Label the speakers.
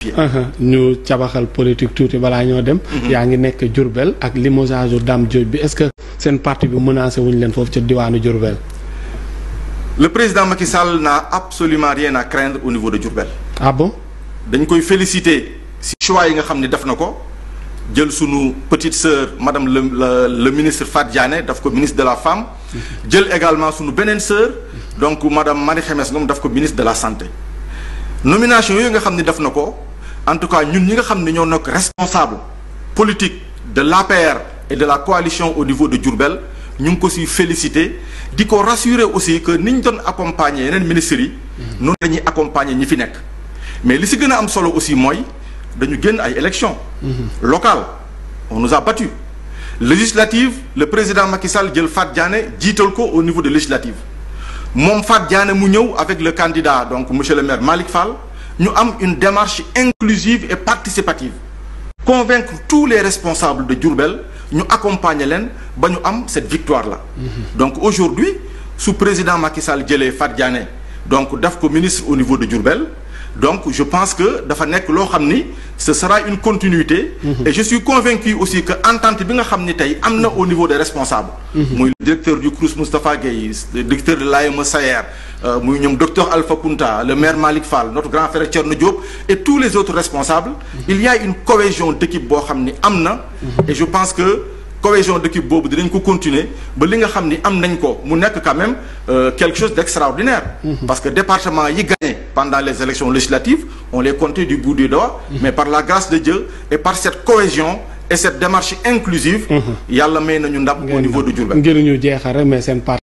Speaker 1: Uh-huh. ñu cabaxal politique tuuti balaa ñoo dem. Mhm. yaa ngi nekk Diourbel ak limogeage Dame Diop bi est-ce que seen parti bi menacé wuñ leen foofu ca diwaanu Diourbel.
Speaker 2: le président Macky Sall n'a absolument rien à craindre au niveau de Diourbel. ah dañ koy félicité si choix yi nga xam ne def na ko jël sunu petite sœur madame le le ministre Fatou Diané daf ko ministre de la femme. Mhm. jël également sunu beneen sœur donc madame Marie Khemesse Ngom daf ko ministre de la santé nomination yooyu nga xam ne def na ko. en tout cas ñun ñi nga xam ne ñoo nekk responsable politique de la l'APR et de la coalition au niveau de Diourbel ñu ngi ko si félicité di ko rassurer aussi que ni ñu doon accompagner yeneen ministres yi. Mhm. noonu la ñuy accompagner ñi fi nekk. mais li si gën a am solo aussi mooy dañu génn ay élections. Mhm. locales on nous a battu législative le président Macky Sall jël Fat Diané jiital ko au niveau de législative moom Fat Diané mu ñëw avec le candidat donc monsieur le maire Malick Fall. ñu am une démarche inclusive et participative convaincre tous les responsables de Diourbel ñu accompagner leen ba ñu am cette victoire là. Mmh. donc aujourd'hui su président Macky Sall jëlee Fat Diané donc daf ko ministre au niveau de Diourbel donc je pense que dafa nekk loo xam ni ce sera une continuité. Mmh. et je suis convaincu aussi que entente bi nga xam ni tey am na mhm. au niveau des responsables. Mhm. muy mmh. directeur du CROUS Moustapha Guèye le directeur de l'AME Euh, muy ñoom docteur Alpha Kounta le maire Malick Fall notre grand frère Thierno Diop et tous les autres responsables il y a une cohésion d'équipe boo xam ni am na et je pense que cohésion d'équipe boobu dinañ ko continuer ba li nga xam ni am nañ ko mu nekk quand même euh, quelque chose d'extraordinaire mhm. parce que département yi gagné pendant les élections législatives on les comptait du bout des doigts mhm. mais par la grâce de Dieu et par cette cohésion et cette démarche